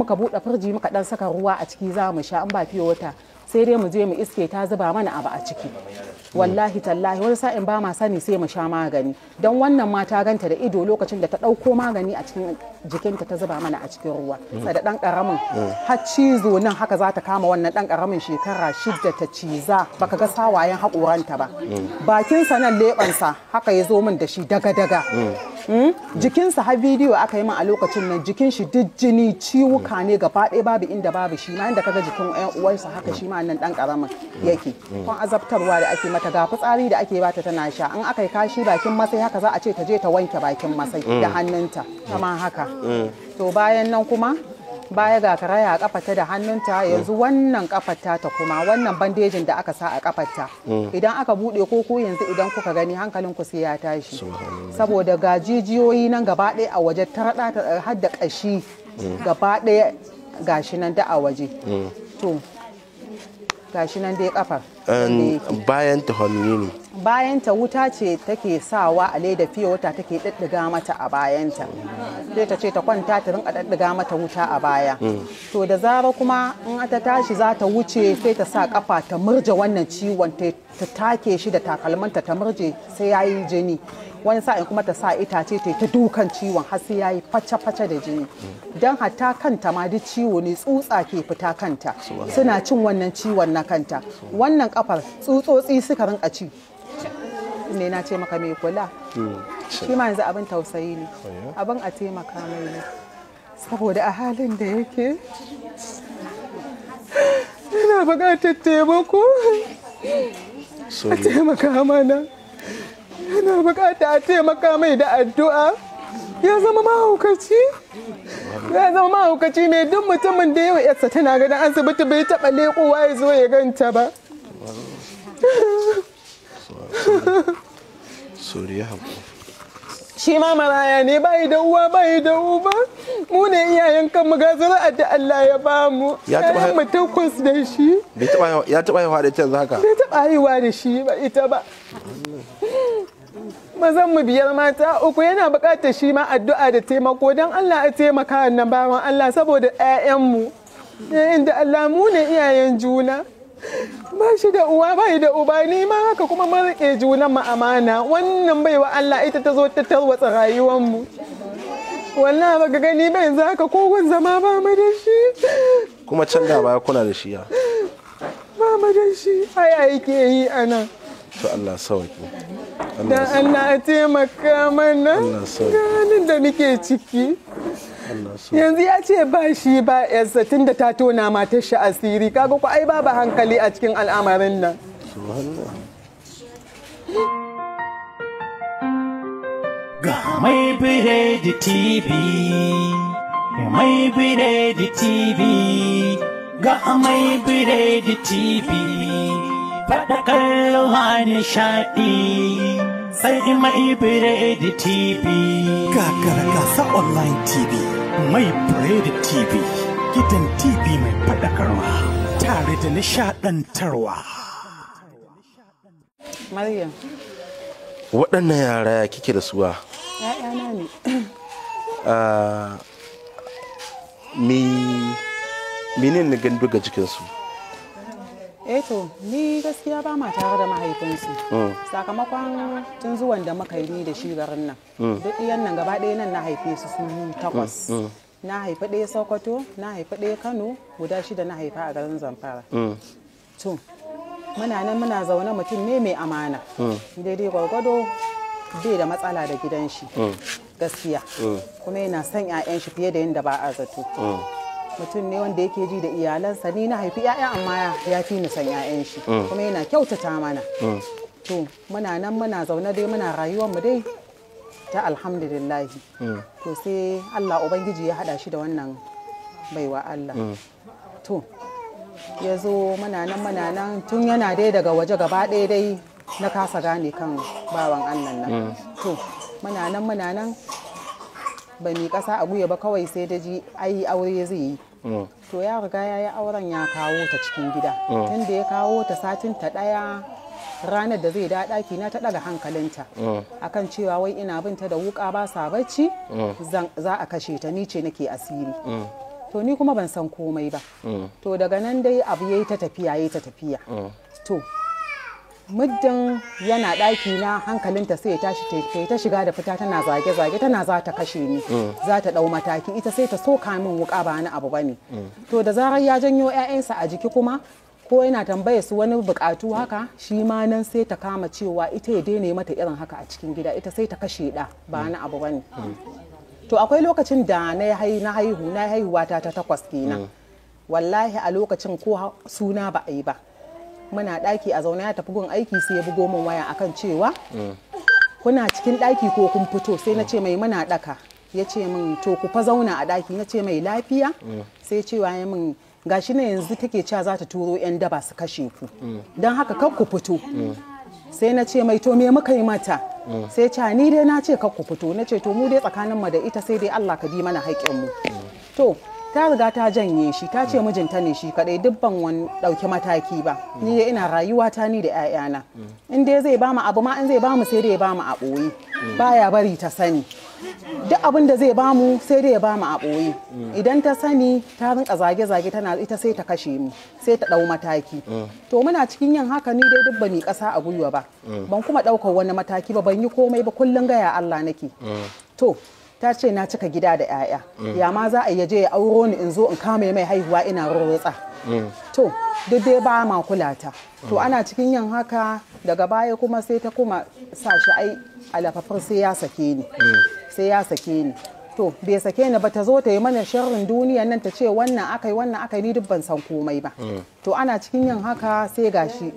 muka buɗe firji muka ɗan saka ruwa a ciki za mu sha in ba fiye wata sai dai mu je mu iske ta zuba mana abu a ciki wallahi tallahi wani sa'in ba ma sani sai mu sha magani don wannan ma ta ganta da ido lokacin da ta ɗauko magani a cikin jikinta ta zuba mana a cikin ruwa sai da ɗan ƙaramin har cizo nan haka za ta kama wannan ɗan ƙaramin shekara shidda ta ciza baka ga sawayen haƙoranta ba bakinsa nan lebansa haka ya zo min da shi daga-daga Hmm? jikinsa har bidiyo aka yi min a lokacin nan jikin shi duk jini ciwuka ne gaba ɗaya babu inda babu shi ma inda kaga jikin 'yan uwarsa haka shi ma nan dan karamin yake kon azabtarwa da ake mata ga fitsari da ake bata tana sha an aka yi kashi bakin masai haka za a ce ta je ta wanke bakin masai da hmm. hannunta kama haka hmm. to bayan nan kuma baya ga karaya a kafata da hannunta mm. yanzu wannan kafata ta kuma wannan bandejin da aka sa a kafata mm. idan aka bude ko ko yanzu idan kuka gani hankalin ku sai ya tashi saboda ga jijiyoyi nan gaba ɗaya a waje tarada ta eh, har da kashi mm. gaba ɗaya gashi nan da a waje to gashi nan dai kafar bayan ta hannu ne bayan ta wuta ce take sawa a leda fiye wata take daddiga mata a bayanta sai ta ce ta kwanta ta rinka daddiga mata wuta a baya hmm. to da zara kuma in ta tashi za ta wuce sai ta sa kafa ta murje wannan ciwon ta take shi da takalmanta ta murje sai yayi jini wani sa'in kuma ta sa itace ta ta dukan ciwon har sai yayi face-face da jini dan hatta kanta ma duk ciwo ne tsutsa ke fita kanta suna cin wannan ciwon na kanta wannan kafar tsutsotsi suka rinka ci ne na ce maka mai kula hmm. shi ma yanzu abin tausayi ne oh, abin a taimaka mai ne saboda a halin da yake yana bukatar taimako a taimaka mana yana bukata a taimaka mai da addu'a ya zama mahaukaci ya zama mahaukaci ne duk mutumin da yawa yarsa tana gadon asibiti bai taɓa lekowa ya zo ya ganta ba soriya haƙo shi ma maraya ne bai da uwa bai da uba mu ne iyayen kan ga sana'ar da Allah ya ba mu ya taba mu takwas da shi ya taba haihuwa da ita yanzu haka bai taba haihuwa da shi ba ita ba mazan mu biyar mata uku yana bukatar shi ma addu'a da taimako don Allah a taimaka nan bawan Allah saboda ƴaƴan yayin da Allah mu ne iyayen juna ba shi da uwa ba da uba ni ma haka kuma mun rike junan mu amana wannan baiwa Allah ita ta zo ta tarwatsa rayuwar mu wallahi baka gani ba yanzu haka ko gun zama ba mu da shi kuma can da ba kuna da shi ya ba mu da shi ai ai ke yi anan to Allah sauki da Allah ya taimaka mana ganin da muke ciki yanzu ya ce ba shi ba yarsa tun da ta tona matar shi asiri kaga ku ai babu hankali a cikin al'amarin nan ga mai biredi tv mai biredi tv ga mai biredi tv faɗa kallon shaɗi. sai in mai da TV. Gagara gasa online TV, mai da TV, gidan TV mai faɗakarwa, tare da nishaɗantarwa. Maryam. Waɗannan yara ya kike da suwa? ‘Ya'yana ne. Ah, Me ne na gandu ga jikinsu? eto eh ni gaskiya ba ma tare da mahaifinsu mm. sakamakon tun zuwan da muka yi ni da shi garin nan mm. duk iyan nan gaba ɗaya nan na haife su sun takwas mm. na haifi ɗaya sokoto na haifi ɗaya kano guda shida na haifa a garin zamfara to muna nan muna zaune mutum ne mai amana daidai gwargwado bai da matsala da gidan shi gaskiya kuma yana son 'ya'yan shi fiye da yadda ba a zato mutum ne wanda yake ji da iyalansa ni na haifi 'ya'ya amma ya fi ni san 'ya'yan shi mm. kuma yana kyautata mana mm. to muna nan muna zaune dai muna rayuwar mu dai ta alhamdulillahi mm. to sai Allah ubangiji ya hada shi da wannan baiwa Allah to ya zo muna nan muna nan tun yana dai daga waje gaba ɗaya dai na kasa gane kan bawan Allah nan to muna nan muna nan ba mi kasa a guya ba kawai sai da ji ai aure zai yi Mm. to ya riga ya yi auren ya kawo ta cikin gida mm. tunda ya kawo ta satin ta ɗaya ranar da zai da ɗaki na ta ɗaga hankalinta mm. akan cewa wai ina binta da wuƙa ba sa bacci za a kashe ta ni ce nake asiri to ni kuma ban san komai ba to daga nan dai abu yayi ta tafiya yayi ta tafiya to muddin yana ɗaki na hankalinta sai ya tashi ta ta shiga da fita tana zage-zage tana za ta kashe ni mm. za ta ɗau mataki ita sai ta soka min wuka ba ni abu bane mm. to da zarar ya janyo 'ya'yansa a jiki kuma ko yana tambaye su wani bukatu haka shi ma nan sai ta kama cewa ita ya daina mata irin haka a cikin gida ita sai ta kashe da ba ni abu bane mm. to akwai lokacin da na haihu na haihuwa ta ta takwas kenan wallahi a lokacin ko suna ba a yi ba muna ɗaki a zaune ya tafi gun aiki sai ya bugo min waya akan cewa kuna cikin ɗaki ko kun fito sai na ce mai muna ɗaka ya ce min to ku fa zauna a ɗaki na ce mai lafiya sai cewa ya min gashi na yanzu take cewa za ta turo 'yan daba su kashe ku don haka kar ku fito sai na ce mai to me muka yi mata sai ce ni dai na ce kar ku fito na ce to mu dai tsakanin mu da ita sai dai Allah ka bi mana mu to ta riga ta janye shi ta ce mijinta ne shi kadai duk wani dauki mataki ba ni dai ina rayuwa ta ni da 'ya'yana in dai zai bamu abu ma in zai bamu sai dai ya bamu a boye baya bari ta sani duk abin da zai bamu sai dai ya bamu a boye idan ta sani ta rinka zage-zage tana ita sai ta kashe mu sai ta dau mataki to muna cikin yin haka ni dai duk ni kasa a gwiwa ba ban kuma daukar wani mataki ba ban yi komai ba kullun gaya Allah nake to ta ce na cika gida da 'ya'ya ya ma za a yaje ya auro ni in zo in kama mai haihuwa ina rotsa mm. to duk dai ba ma kula ta to ana cikin yin haka daga baya kuma sai ta kuma sa shi ai alafafar sai ya sake ni mm. sai ya sake ni to bai sake ni ba ta zo ta yi mana sharrin duniya nan ta ce wannan akai wannan akai ni duk ban san komai ba mm. to ana cikin yin haka sai gashi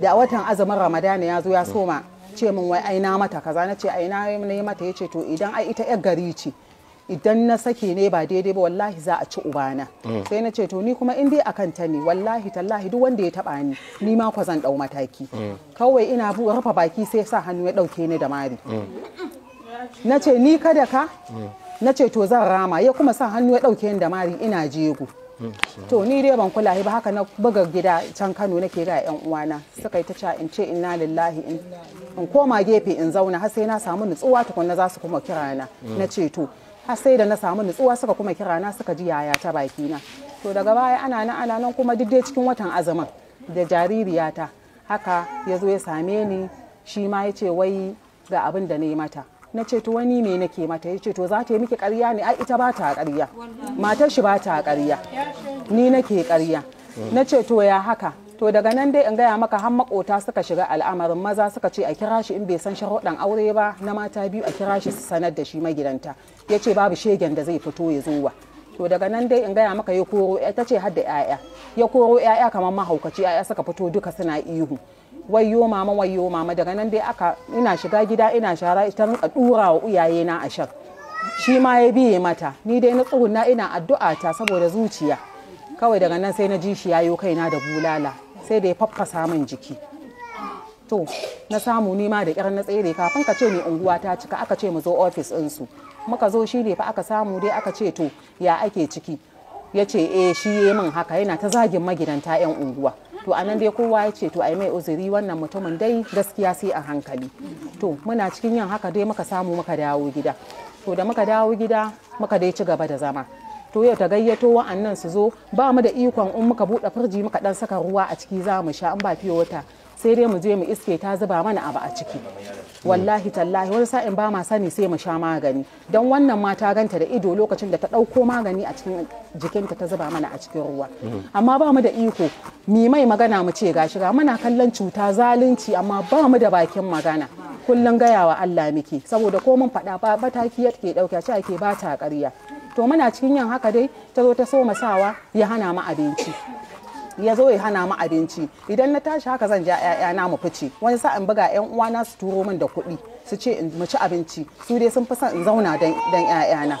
da watan azumin ramadana ya zo ya soma ce min wai aina mata kaza na ce aina na mata ya ce to idan ai ita yar gari ce idan na sake ne ba daidai ba wallahi za a ci uba na mm. sai na ce to ni kuma in dai akan ta ne wallahi tallahi duk wanda ya taba ni ni ma kwa zan dau mataki mm. kawai ina bu rufa baki sai sa hannu ya dauke ni da mari mm. na ce ni kada ka na ce to zan rama ya kuma sa hannu ya dauke ni da mari ina jego to ni dai ban kula ba haka na buga gida can Kano nake ga yan uwana suka yi ta ca in ce inna lillahi in koma gefe in zauna har sai na samu nutsuwa tukunna za su kuma kirana na ce to har sai da na samu nutsuwa suka kuma kira na suka ji yaya ta baki na to daga baya ana nan ana nan kuma duk dai cikin watan azumin da jaririyata haka ya zo ya same ni shi ma ya ce wai ga abin da na yi mata na ce to wani me nake mata ya ce to za ta yi miki ƙarya ne ai ita ba ta ƙarya matar shi ba ta ƙarya ni nake ƙarya na ce to ya haka to daga nan dai in gaya maka har makota suka shiga al'amarin maza suka ce a kira shi in bai san sharuɗan aure ba na mata biyu a kira shi su sanar da shi magidanta ya ce babu shegen da zai fito ya zo wa to daga nan dai in gaya maka ya koro ta ce har da 'ya'ya ya koro 'ya'ya kamar mahaukaci 'ya'ya suka fito duka suna ihu wayo mama wayo mama daga nan dai aka ina shiga gida ina shara ita rinka dura wa uyaye na ashar shi ma ya biye mata ni dai na tsuguna ina addu'a ta saboda zuciya kawai daga nan sai na ji shi yayo kaina da bulala sai da ya faffasa min jiki to na samu ni ma da kyar na tsere kafin ka ce ni unguwa ta cika aka ce mu zo ofis su. muka zo shi ne fa aka samu dai aka ce to ya ake ciki ya ce eh shi ya min haka yana ta zagin magidanta 'yan unguwa to a nan dai kowa ya ce to a yi mai uzuri wannan mutumin dai gaskiya sai a hankali to muna cikin yin haka dai muka samu muka dawo gida to da muka dawo gida muka dai ci gaba da zama to yau ta gayyato wa'annan su zo ba mu da ikon in muka buɗe firji muka dan saka ruwa a ciki za mu sha in ba fiye wata sai dai mu je mu iske ta zuba mana abu a ciki wallahi tallahi wani sa'in ba ma sani sai mu sha magani don wannan ma ta ganta da ido lokacin da ta ɗauko magani a cikin jikinta ta zuba mana a cikin ruwa amma ba mu da iko mi mai magana mu ce ga shiga muna kallon cuta zalunci amma ba mu da bakin magana kullun gaya wa Allah miki saboda ko mun faɗa ba mataki ke ɗauka ce ake ba ta ƙarya to muna cikin yin haka dai tazo ta so masawa ya hana mu abinci ya zo ya hana mu abinci idan na tashi haka zan ja 'ya'yana mu fice wani sa in buga 'yan uwana su turo min da kuɗi su ce mu ci abinci su dai sun fi son in zauna don 'ya'yana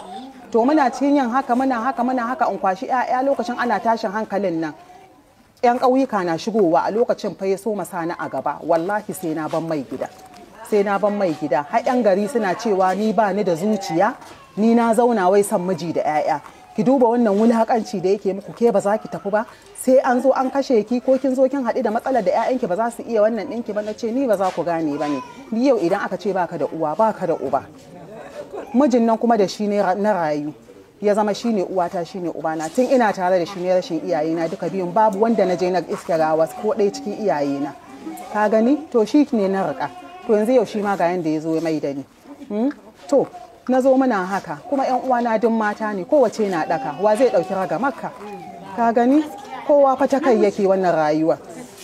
to muna cikin yin haka muna haka muna haka in kwashi 'ya'ya lokacin ana tashin hankalin nan 'yan ƙauyuka na shigowa a lokacin fa ya so masana a gaba wallahi sai na ban mai gida sai na ban mai gida har 'yan gari suna cewa ni ba ni da zuciya ni na zauna wai son miji da 'ya'ya ki duba wannan wulhakanci da yake muku ke ba za ki tafi ba sai an zo an kashe ki ko kin zo kin haɗu da matsalar da 'ya'yanki ba za su iya wannan ɗinki ba na ce ni ba za ku gane ba ne ni yau idan aka ce baka da uwa baka da uba mijin nan kuma da shi ne na rayu ya zama shine uwata shine ubana tun ina tare da shi ne rashin iyayena duka biyun babu wanda na je na iska rawa ko ɗaya cikin iyayena ka gani to shi ne na riƙa to yanzu yau shi ma ga yanda ya zo mai da ni hmm? to na zo muna haka kuma yan uwana duk mata ne kowace na daka wa zai dauki makka ka gani kowa fa ta kai yake wannan rayuwa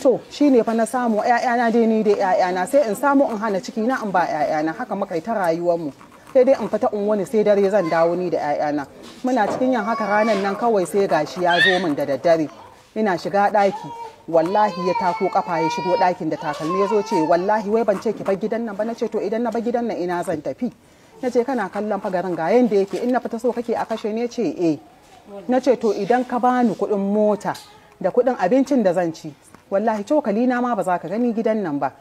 to shine fa na samu ƴaƴana dai ni da ƴaƴana sai in samu in hana ciki na in ba ƴaƴana haka muka ta rayuwar mu sai dai in fita in wani sai dare zan dawo ni da ƴaƴana muna cikin yan haka ranan nan kawai sai gashi ya zo min da daddare ina shiga daki wallahi ya tako kafa ya shigo dakin da takalmi ya zo ce wallahi wai ban ce ki bar gidan nan ba na ce to idan na bar gidan nan ina zan tafi na ce kana kallon fagarin ga yanda yake in na fita so kake a kashe ne ce eh na ce to idan ka bani kuɗin mota da kuɗin abincin da zan ci wallahi cokali na ma ba za ka gani gidan nan ba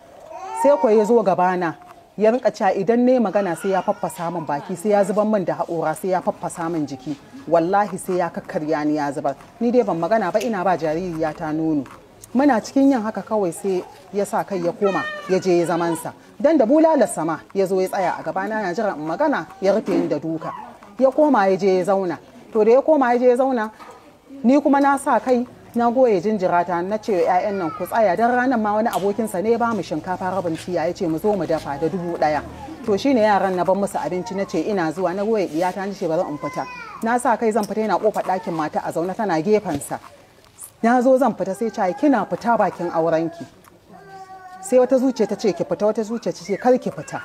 sai ko ya zo gabana ya rinka ca idan ne magana sai ya faffasa min baki sai ya zuban min da haƙora sai ya faffasa min jiki wallahi sai ya kakkarya ni ya zubar ni dai ban magana ba ina ba jaririya ta nono muna cikin yin haka kawai sai ya sa kai ya koma ya je ya zamansa dan da bulala sama ya zo ya tsaya a gabana na jira in magana ya rufe ni duka ya koma ya je ya zauna to da ya koma ya je ya zauna ni kuma na sa kai na goye jinjirata na ce ‘ya'yan nan ku tsaya don ranar ma wani abokinsa ne ba mu shinkafa rabin ciya ya ce mu zo mu dafa da dubu ɗaya to shine yaran na ban musu abinci na ce ina zuwa na goye iyata na ce ba zan in fita na sa kai zan fita yana kofar ɗakin mata a zaune tana gefensa na zo zan fita sai ce kina fita bakin aurenki sai wata zuciya ta ce ki fita wata zuciya ta ce kar ki fita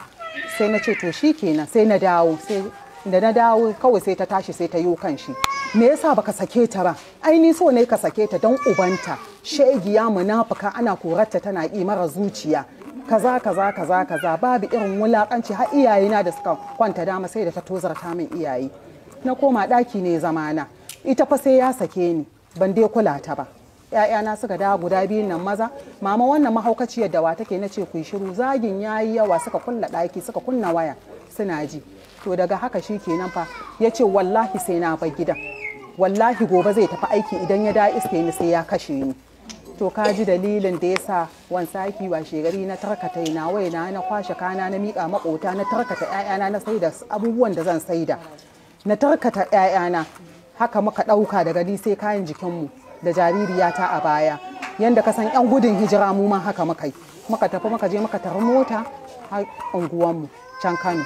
sai na ce to shi kenan sai na dawo sai da na dawo kawai sai ta tashi sai ta yi kan shi me yasa baka sake ta ba ai ni so ne ka sake ta don ubanta shegiya munafuka ana korarta tana yi mara zuciya kaza kaza kaza kaza babu irin wulakanci har iyaye na da suka kwanta dama sai da ta tozarta min iyaye na koma daki ne zamana ita fa sai ya sake ni ban dai kula ta ba ‘ya'yana suka dawo guda biyun nan maza mama wannan mahaukaciyar da wa take na ce ku shiru zagin ya yi yawa suka kulla ɗaki suka kunna waya suna ji to daga haka shi kenan fa ya ce wallahi sai na bar gidan wallahi gobe zai tafi aiki idan ya da iske ni sai ya kashe ni to ka ji dalilin da ya sa wansaki wa shegari na tarkata na waina na kwashe kana na miƙa maƙota na tarkata ‘ya'yana na saida abubuwan da zan saida na tarkata ‘ya'yana haka muka ɗauka daga ni sai kayan jikinmu da jaririyata a baya yadda ka san 'yan gudun hijira mu ma haka muka yi muka tafi muka je muka tarar mota har unguwanmu can kano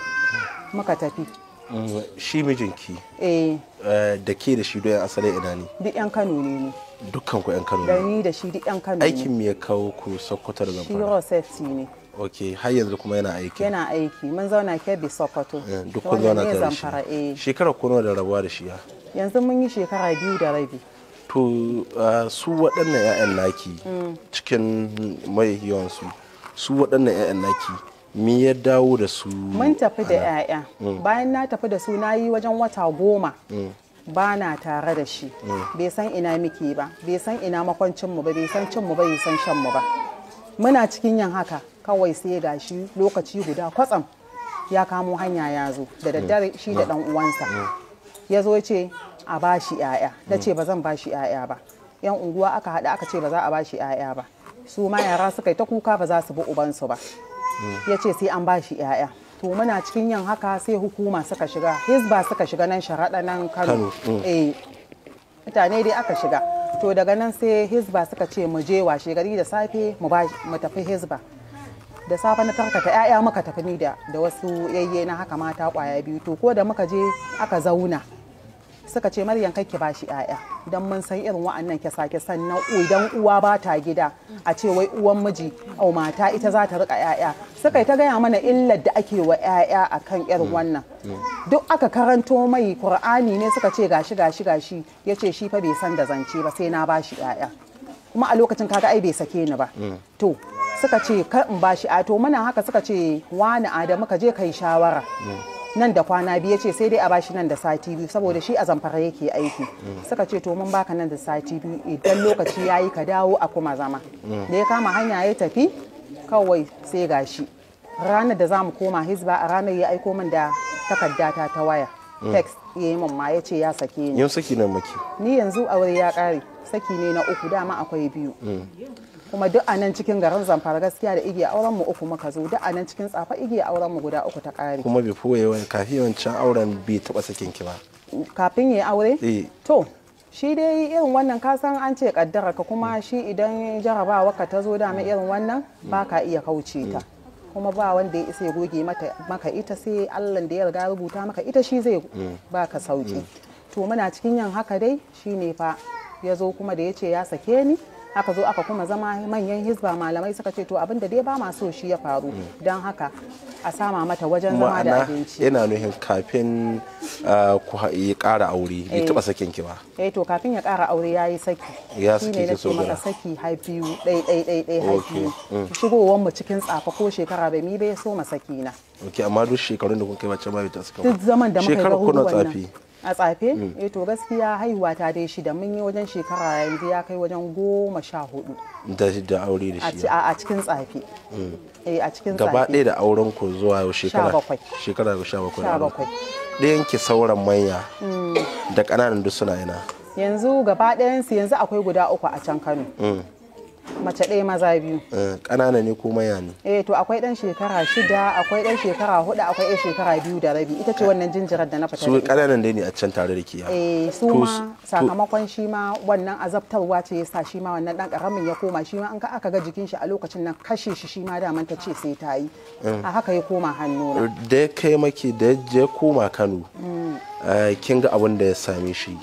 muka tafi mm, shi mijinki eh. Eh, da ke da shi doyan asali ina ne duk 'yan kano ne ne dukkan ku 'yan kano ne da ni da shi duk 'yan kano ne aikin me ya kawo ku sokoto da zamfara shi safety ne ok har yanzu kuma yana aiki yana aiki mun zauna kebbi sokoto eh, duk kun zauna tare shi shekara kuna da rabuwa da shi ya yanzu mun yi shekara biyu da rabi to su waɗannan 'ya'yan naki mm. cikin mai su waɗannan 'ya'yan naki me ya dawo da su mun tafi da 'ya'ya mm. bayan na tafi da su na yi wajen wata goma mm. ba na tare da shi bai san ina muke ba bai san ina makwancinmu ba bai san cinmu ba bai san shanmu ba muna cikin yin haka kawai sai ga shi lokaci guda kwatsam ya kamo hanya ya zo da daddare shi da dan uwansa ya zo ce a ba 'ya'ya na ce ba zan ba 'ya'ya ba yan unguwa aka haɗa aka ce ba za a ba shi 'ya'ya ba su ma yara suka yi ta kuka ba za su bi ubansu ba ya ce sai an ba 'ya'ya to muna cikin yan haka sai hukuma suka shiga hisba suka shiga nan sharaɗa nan kano mm. eh. mutane dai aka shiga to daga nan sai hisba suka ce mu je washe gari da safe mu tafi hisba da safe na tarkata 'ya'ya muka tafi ni da wasu yayye na haka mata kwaya biyu to ko da muka je aka zauna suka ce maryam ki ba shi 'ya'ya don mun san irin wa'annan ke sake sannan idan uwa ba ta gida a ce wai uwan miji au mata ita za ta rika 'ya'ya suka yi ta gaya mana illar da ake wa 'ya'ya a kan irin mm. wannan mm. duk aka karanto mai qur'ani ne suka ce gashi gashi gashi ya ce shi fa bai san da zance ba sai na ba shi 'ya'ya kuma a lokacin kaga ai bai sake ni ba mm. to suka ce kar in ba shi 'ya to muna haka suka ce wani adamu ka je kai shawara nan da kwana biyu ce sai dai a bashi nan da sati biyu saboda shi a zamfara yake aiki suka ce to mun baka nan da sati biyu idan lokaci ya yi ka dawo a kuma zama da ya kama hanya ya tafi kawai sai gashi ranar da za mu koma hizba a ranar ya aiko min da takarda ta waya text ya yi min ma ya ce ya sake ni yau saki nan maki ni yanzu aure ya kare saki ne na uku dama akwai biyu kuma duk a nan cikin garin zamfara gaskiya da igiya auren mu uku muka zo duk a nan cikin tsafa igiya auren mu guda uku ta ƙare kuma bai koye wani kafin wancan auren bai taba sakin ki ba kafin ya aure eh. to shi dai irin wannan kasan an ce kaddara ka kuma shi idan jarabawa ka ta zo dama irin wannan ba ka iya kauce ta kuma ba wanda ya isa ya goge maka ita sai allah da ya riga rubuta maka ita shi zai ba ka sauki mm. to muna cikin yan haka dai shine fa ya zo kuma da ya ce ya sake ni aka zo aka kuma zama manyan hizba malamai suka ce to abin da dai ba ma so shi ya faru don haka a sama mata wajen zama da abinci yana nuhin kafin ah, ku ya ƙara aure bai eh. taɓa sakin ki ba eh to kafin ya ƙara aure ya yi saki ya saki ki so maka saki har biyu dai dai dai ɗai har biyu mm. shigowar mu cikin tsafa ko shekara bai mi bai so ma saki na ok amma duk shekarun da kun kai wacce ba ta saka duk zaman da muka yi shekara kuna tsafi. a tsafe mm. eh to gaskiya haihuwa ta dai shida mun yi wajen shekara yanzu ya kai wajen goma sha hudu da da aure da shi a cikin tsafe mm. eh a cikin tsafe gaba ɗaya da auren ku zuwa shekara shekara ga sha bakwai ɗayan ki sauran manya mm. da kananan duk suna yana yanzu gaba ɗayan su yanzu akwai guda uku a can Kano mace ɗaya maza biyu eh, ƙanana ne ko maya ne eh to akwai ɗan shekara shida akwai ɗan shekara hudu akwai ɗan shekara biyu da rabi ita ce wannan jinjirar da na fita su ƙananan dai ne a can tare da ke eh su ma sakamakon shi ma wannan azabtarwa ce yasa shi ma wannan ɗan ƙaramin ya koma shi ma an aka ga jikin shi a lokacin nan kashe shi shi ma daman ta ce sai ta yi eh. a haka ya koma hannu da kai maki da ya koma Kano mm. eh, kin ga abin da ya same shi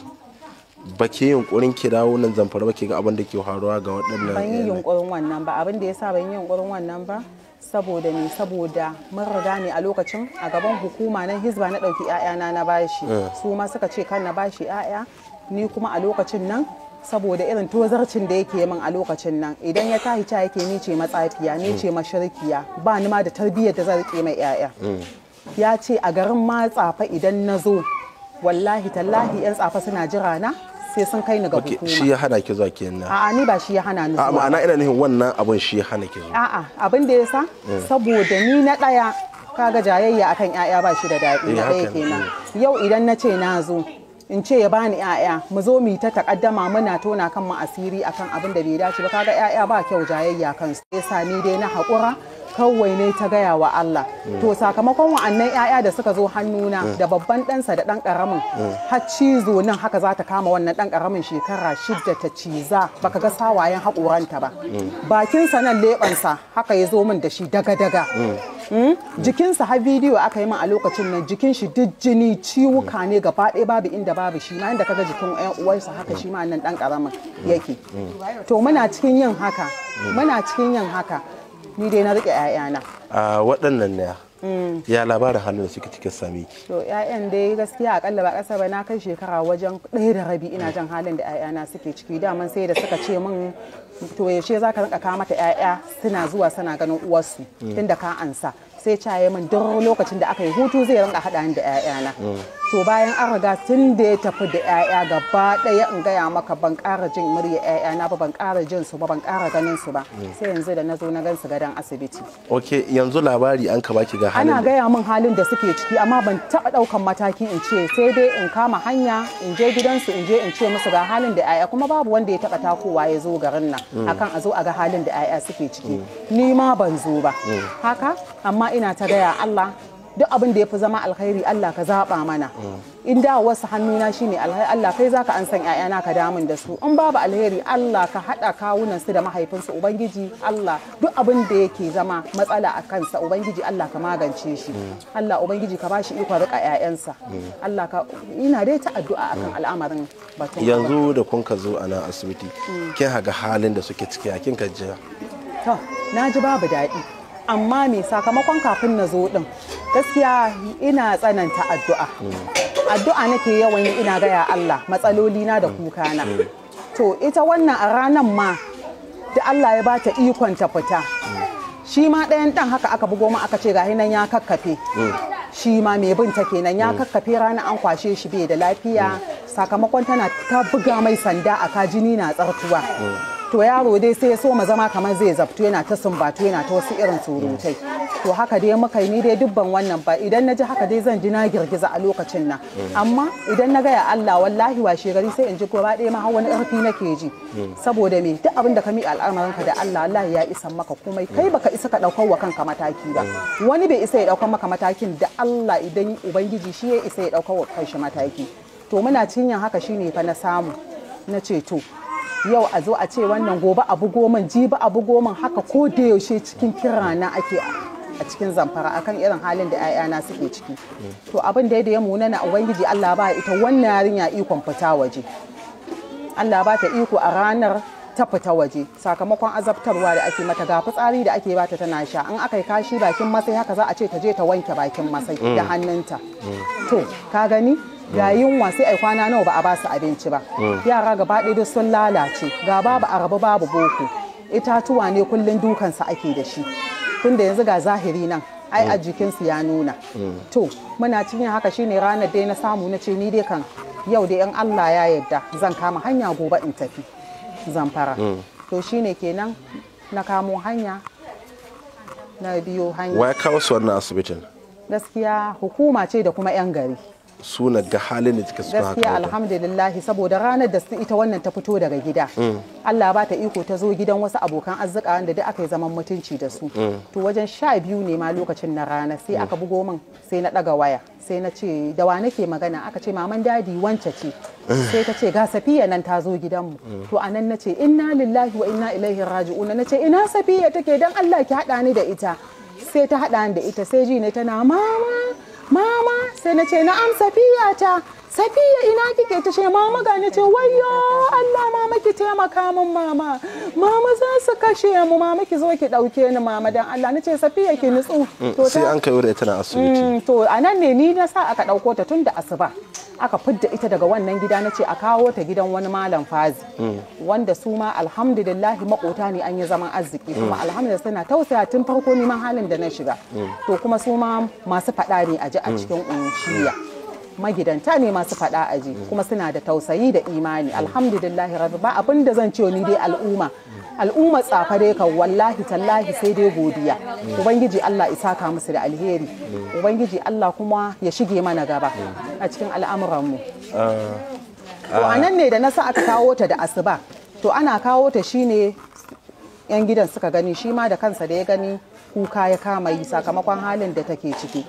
ba ke yunkurin ki dawo nan zamfara ba ke ga abin da ke faruwa ga waɗannan ban yi yunkurin wannan ba abin da ya sa ban yi yunkurin wannan ba saboda ne saboda mun riga ne a lokacin a gaban hukuma nan hizba na ɗauki 'ya'yana na na bashi eh. su ma suka ce kan na bashi 'ya'ya ni kuma a lokacin nan saboda irin tozarcin da yake min a lokacin nan idan ya tahi ta yake ni ce matsafiya ni ce hmm. mashirkiya ba ni ma da tarbiyyar da zan rike mai 'ya'ya hmm. ya ce a garin ma tsafa idan na zo wallahi tallahi 'yan tsafa suna jira na sai sun kai ni ga hukuma shi ya hana ki zuwa kenan a'a ni ba shi ya hana ni a'a ma'ana ina nihin wannan abun shi ya hana ki zuwa a'a abin da yasa eh. saboda ni na daya kaga jayayya akan ƴaƴa ba shi da daɗi eh, na ɗaya kenan yau idan na ce na zo in ce ya bani ƴaƴa mu zo mu ta takaddama muna tona kan mu asiri akan abin da bai dace ba kaga ƴaƴa ba kyau jayayya kan su yasa ni dai na haƙura kawai ne ta gaya wa Allah mm. to sakamakon wa'annan 'ya'ya da suka zo hannuna mm. da babban ɗansa da ɗan ƙaramin mm. har cizo nan haka za ta kama wannan ɗan ƙaramin shekara shidda ta ciza baka ga sawayen haƙoranta ba bakinsa nan leɓansa haka ya zo min da shi daga-daga jikinsa har bidiyo aka yi min a lokacin nan jikin shi duk jini ciwuka ne gaba ɗaya babu inda babu shi ma inda kaga jikin ƴan uwarsa haka shi ma nan ɗan ƙaramin yake to muna cikin yin haka muna cikin yin haka ni dai na rike ƴaƴana a waɗannan ne ya mm. labarin halin da suke cikin sami ki to ƴaƴan dai gaskiya akalla ba kasa ba na kai shekara wajen ɗaya da rabi ina jan halin da ƴaƴana suke ciki daman sai da suka ce min to yaushe za ka rinka kawo mata ƴaƴa suna zuwa suna ganin uwarsu mm. tunda ka ansa sai caye min duk lokacin da aka yi hutu zai rinka haɗa ni da ƴaƴana mm. to bayan an riga tun da ya tafi da 'ya'ya gaba ɗaya in gaya maka ban ƙara jin murya 'ya'ya na ba ban ƙara jin su ba ban ƙara ganin su ba mm. sai yanzu da na zo na gansu gadon asibiti ok yanzu labari an ka baki ga halin ana gaya min halin da suke ciki amma ban taba ɗaukan mataki in ce sai dai in kama hanya in je gidansu in je in ce musu ga halin da 'ya'ya kuma babu wanda ya taɓa takowa ya zo garin nan mm. akan a zo a ga halin da 'ya'ya suke ciki mm. ni ma ban zo ba haka amma ina ta gaya Allah duk abin da ya fi zama alkhairi Allah ka zaɓa mana in da wasu hannuna shi ne alkhairi Allah kai zaka an san ƴaƴana ka damun da su in babu alheri Allah ka haɗa kawunan su da mahaifinsu ubangiji Allah duk abin da yake zama matsala a kansa ubangiji Allah ka magance shi Allah ubangiji ka bashi iko rika ƴaƴansa Allah ka ina dai ta addu'a akan al'amarin batun yanzu da kun ka zo a nan asibiti kin haga halin da suke ciki kin ka ji to na ji babu daɗi amma me sakamakon kafin na zo din gaskiya ina tsananta addu'a addu'a nake yawan yi ina gaya Allah matsaloli na da kuka na to ita wannan a ranan ma da Allah ya bata ikon ta fita shi ma ɗayan ɗan haka aka bugo ma aka ce gahi nan ya kakkafe shi ma mai bin ta kenan ya kakkafe rana an kwashe shi bai da lafiya sakamakon tana ta buga mai sanda a kajini na tsartuwa to yaro dai sai ya so ma zama kamar zai zabtu yana ta sumbatu yana ta wasu irin surutai to haka dai muka ni dai dubban wannan ba idan na ji haka dai zan ji na girgiza a lokacin nan mm. amma idan na gaya Allah wallahi washe gari sai in ji gaba ɗaya ma wani ƙarfi nake ji mm. saboda me duk abin da ka miƙa ka da Allah Allah ya isa maka komai kai mm. baka isa ka ɗaukar wa kanka mataki ba wani bai isa ya ɗaukar maka matakin da Allah idan ubangiji shi ya isa ya ɗaukar wa kanshi mataki to muna cinyan haka shine fa na samu na ce to yau a zo a ce wannan gobe abu goman jibi abu min haka ko da yaushe cikin kira na ake a cikin zamfara akan irin halin da 'ya'yana suke ciki to abin da ya muna na ubangiji allah ba ita wannan yarinya ikon fita waje allah ba ta iko a ranar ta fita waje sakamakon azabtarwa da ake mata ga fitsari da ake bata tana sha an aka kashi bakin masai haka za a ce ta je ta wanke bakin masai da mm. hannunta mm. to ka gani yayin wa sai ai kwana nawa ba a ba su abinci ba mm. yara gaba ɗaya sun lalace ga babu araba babu boko itatuwa ne kullum dukansa ake da shi tunda yanzu ga zahiri nan ai a mm. jikinsu ya nuna mm. to muna cikin haka shine ranar dai na samu na ce ni dai kan yau da yan Allah ya yarda zan kama hanya gobe in tafi zamfara to shine kenan na kamo hanya na biyo hanya wai kawo su wannan asibitin gaskiya hukuma ce da kuma yan gari su na ga halin da suka suka haka alhamdulillah saboda ranar da su ita wannan ta fito daga gida mm. Allah ba ta iko ta zo gidan wasu abokan arzika wanda duk aka yi zaman mutunci da su mm. to wajen sha biyu ne ma lokacin na rana sai mm. aka bugo min sai na daga waya sai na ce da wa nake magana aka ce maman dadi wance ce sai ta ce ga safiya nan ta zo gidan mu? to anan na ce inna lillahi wa inna ilaihi raji'un na ce ina safiya take dan Allah ki hada ni da ita sai ta hada ni da ita sai ji ne tana mama mama sai na ce amsa safiya ta safiya ina kike ta ce mama ga ce wayo Allah mama ki taimaka min mama mama za su kashe mu mama ki zo ki dauke ni mama dan Allah nace safiya ki nutsu mm, to sai an kai wurin tana asibiti mm, to anan ne ni na sa aka dauko ta tun da asuba aka fidda ita daga wannan gida nace a kawo ta gidan wani malam fazi mm. wanda su ma alhamdulillah makota ne an yi zaman arziki kuma alhamdulillah suna tausaya tun farko neman halin da na shiga to kuma su ma masu faɗa ne a ji a cikin unciya magidanta ne masu faɗa aji kuma suna da tausayi da imani alhamdulillahi rabbi ba abin da zan ce ni dai al'umma al'umma tsafa dai kan wallahi tallahi sai dai godiya ubangiji Allah ka musu da alheri ubangiji Allah kuma ya shige mana gaba a cikin al'amuran mu uh, to anan uh, ne da na sa aka kawo ta da asuba to ana kawo ta shine yan gidan suka gani shi ma da kansa da ya gani kuka ya kama yi sakamakon halin da take ciki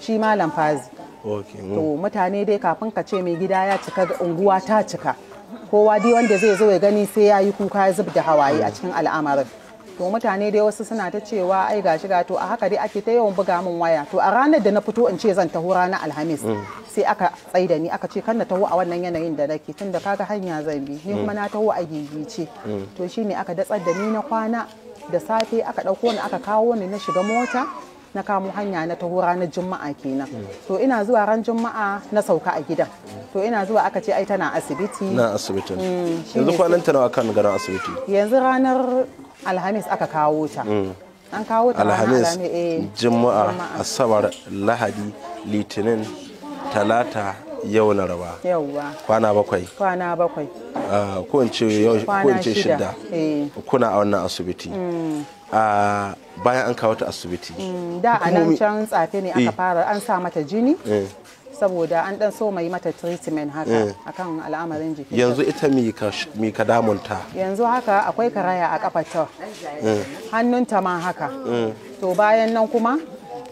shi malam fazi Mm. to mutane dai kafin ka ce mai gida ya cika unguwa ta cika kowa dai wanda zai zo ya gani sai ya yi kuka ya zub da hawaye a mm. cikin al'amarin to mutane dai wasu suna ta cewa ai gashi ga to a haka dai ake ta yawan buga min waya to a ranar da na fito in ce zan taho ranar alhamis mm. sai aka tsai da ni aka ce kan na taho a wannan yanayin da nake tunda kaga hanya zan bi ni kuma na taho a gigice to shine aka datsar da ni na kwana da safe aka ɗauko ni aka kawo ni na shiga mota na kamo hanya na taho ranar juma'a kenan to ina zuwa ran juma'a na sauka a gidan to ina zuwa aka ce ai tana asibiti na asibiti mm, yanzu kwanan ta nawa kan garin asibiti yanzu ranar alhamis aka kawo ta mm. an kawo ta alhamis eh, juma'a asabar lahadi litinin talata yau raba kwana bakwai kwana bakwai ah, ko in ce shida eh. kuna a wannan asibiti mm. bayan an kawo ta asibiti mm, da a nan can tsafe ne aka eh. fara an sa mata jini eh. saboda an dan so mai mata treatment haka eh. akan al'amarin jiki yanzu ita mi ka damunta yanzu haka akwai karaya a kafata hannunta ma haka to bayan nan kuma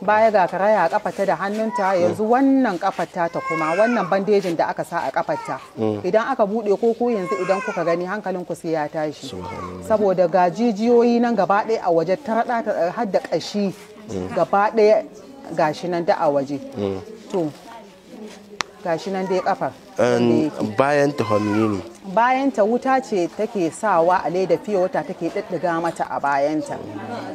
baya ga karaya a kafata da hannunta mm. yanzu wannan kafata ta kuma wannan bandejin da aka sa a kafata mm. idan aka bude ko ko yanzu idan kuka gani hankalin ku sai ya tashi saboda ga jijiyoyi nan gaba ɗaya a waje tarada eh, har da kashi mm. gaba ɗaya gashi nan da a waje to gashi nan dai kafar Ehm, bayan ta ne bayan ta wuta ce take sawa a leda fiye wata take daddiga mata a bayanta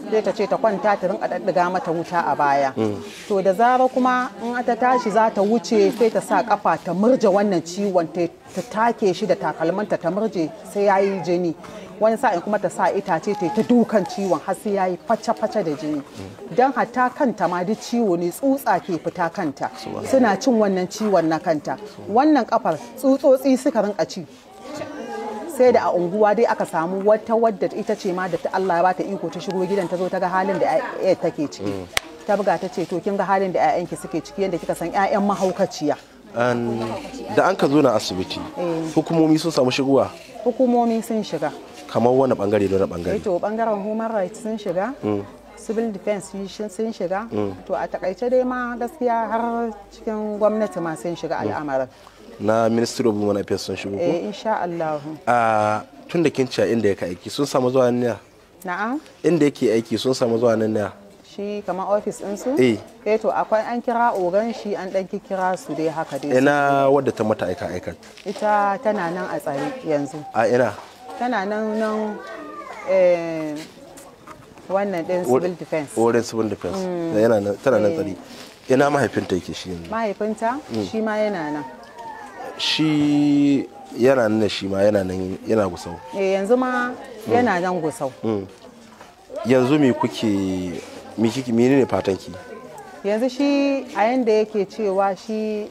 sai ta ce ta kwanta ta rinka daddiga mata wuta a baya hmm. to da zara kuma in ta tashi za ta wuce sai ta sa kafa ta murje wannan ciwon ta take shi da takalmanta ta murje sai yayi jini wani sa'in kuma ta sa itace ta ta dukan ciwon har sai yayi face-face da jini hmm. dan hata kanta ma duk ciwo ne tsutsa ke fita kanta suna cin wannan ciwon na kanta wannan kafar tsutsotsi suka rinka ci sai da a unguwa dai aka samu wata wadda ita ce ma da ta Allah ya bata iko ta shigo gidan ta zo ta ga halin da ƴaƴa take ciki mm. ta buga ta ce to kin ga halin da ƴaƴanki suke ciki yadda kika san ƴaƴan mahaukaciya da an ka zo na asibiti eh. hukumomi sun samu shigowa hukumomi sun shiga kamar wani bangare da wani bangare eh to bangaren human rights sun shiga mm. civil defense sun shiga mm. to a takaice dai ma gaskiya har cikin gwamnati ma sun shiga al'amarin na ministry of women affairs sun shigo ko eh insha Allah ah, a tun da kin ciya inda yake aiki sun samu zuwa nan na'am inda yake aiki sun samu zuwa nan ne shi kamar ofis din su eh eh to akwai an kira ogan shi an dan kira su dai haka dai ina wadda ta mata aika aika ita tana nan a tsare yanzu a ina tana nan nan eh wannan din civil defense Wannan civil defense mm. yana tana nan eh. tsare ina mahaifinta yake shi yanzu mahaifinta mm. shi ma yana nan shi yana nan shi ma yana nan yana gusau eh yanzu ma yana mm. nan gusau mm. yanzu me kuke me kike menene fatanki yanzu shi a yanda yake cewa shi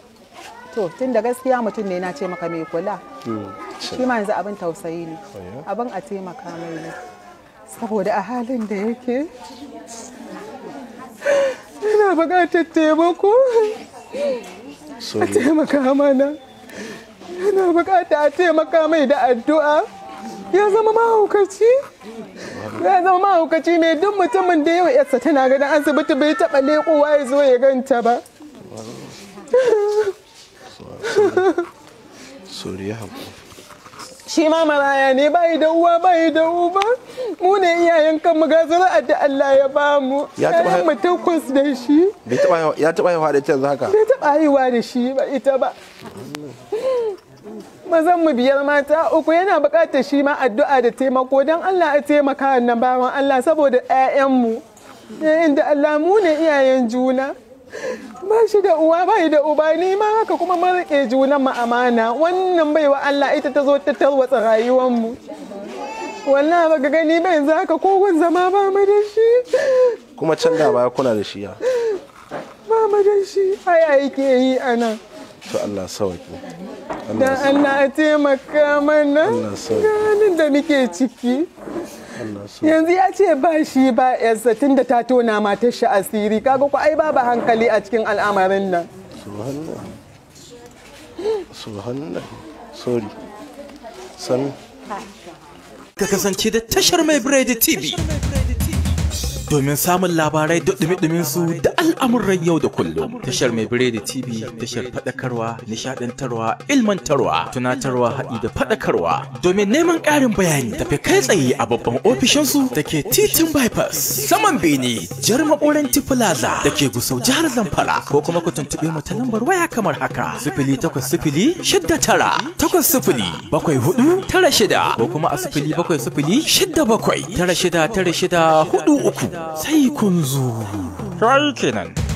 to tun da gaskiya mutum ne na ce maka mai kula mm. shi ma yanzu abin tausayi ne oh, abin a taimaka mai ne saboda a halin da yake yana buƙatar taimako a taimaka mana yana bukata a taimaka mai da addu'a ya zama mahaukaci ya zama mahaukaci ne duk mutumin da yau yarsa tana gadon asibiti bai taba lekowa ya zo ya ganta ba shi ma maraya ne bai da uwa bai da uba mu ne iyayen mu ga zuri'ar da Allah ya ba mu ya mu takwas da shi ya taba yawa da ita haka bai taba haihuwa da shi ba ita ba mazan mu biyar mata uku yana buƙatar shi ma addu'a da taimako don Allah a taimaka nan bawan Allah saboda 'ya'yanmu eh, inda Allah mu ne iyayen juna ba shi da uwa ba da uba ni ma haka kuma mun rike junan mu amana wannan baiwa Allah ita ta zo ta tarwatsa rayuwar mu wallahi baka gani ba yanzu haka kogon zama ba mu da shi kuma can da baya kuna da shi ya ba mu da shi ai ai ke yi anan to Allah sauki don Allah a taimaka mana ganin da muke ciki yanzu ya ce ba shi ba yarsa tun da ta tona matar shi asiri kaga ku ai babu hankali a cikin al'amarin nan sorry sami ka kasance da tashar mai biredi tv domin samun labarai da dumi su da al'amuran yau da kullum. Tashar Mai Biredi TV, tashar faɗakarwa, nishaɗantarwa, ilmantarwa, tunatarwa haɗi da faɗakarwa. Domin neman ƙarin bayani tafi kai tsaye a babban ofishinsu da ke titin bypass saman bene jarma Oranti Plaza da ke gusau jihar Zamfara ko kuma ku tuntuɓe mu ta lambar waya kamar haka sifili takwas sifili shidda tara takwas sifili bakwai hudu tara shida ko kuma a sifili bakwai sifili shidda bakwai tara shida tara shida hudu uku. sai kun zo. Sai kenan.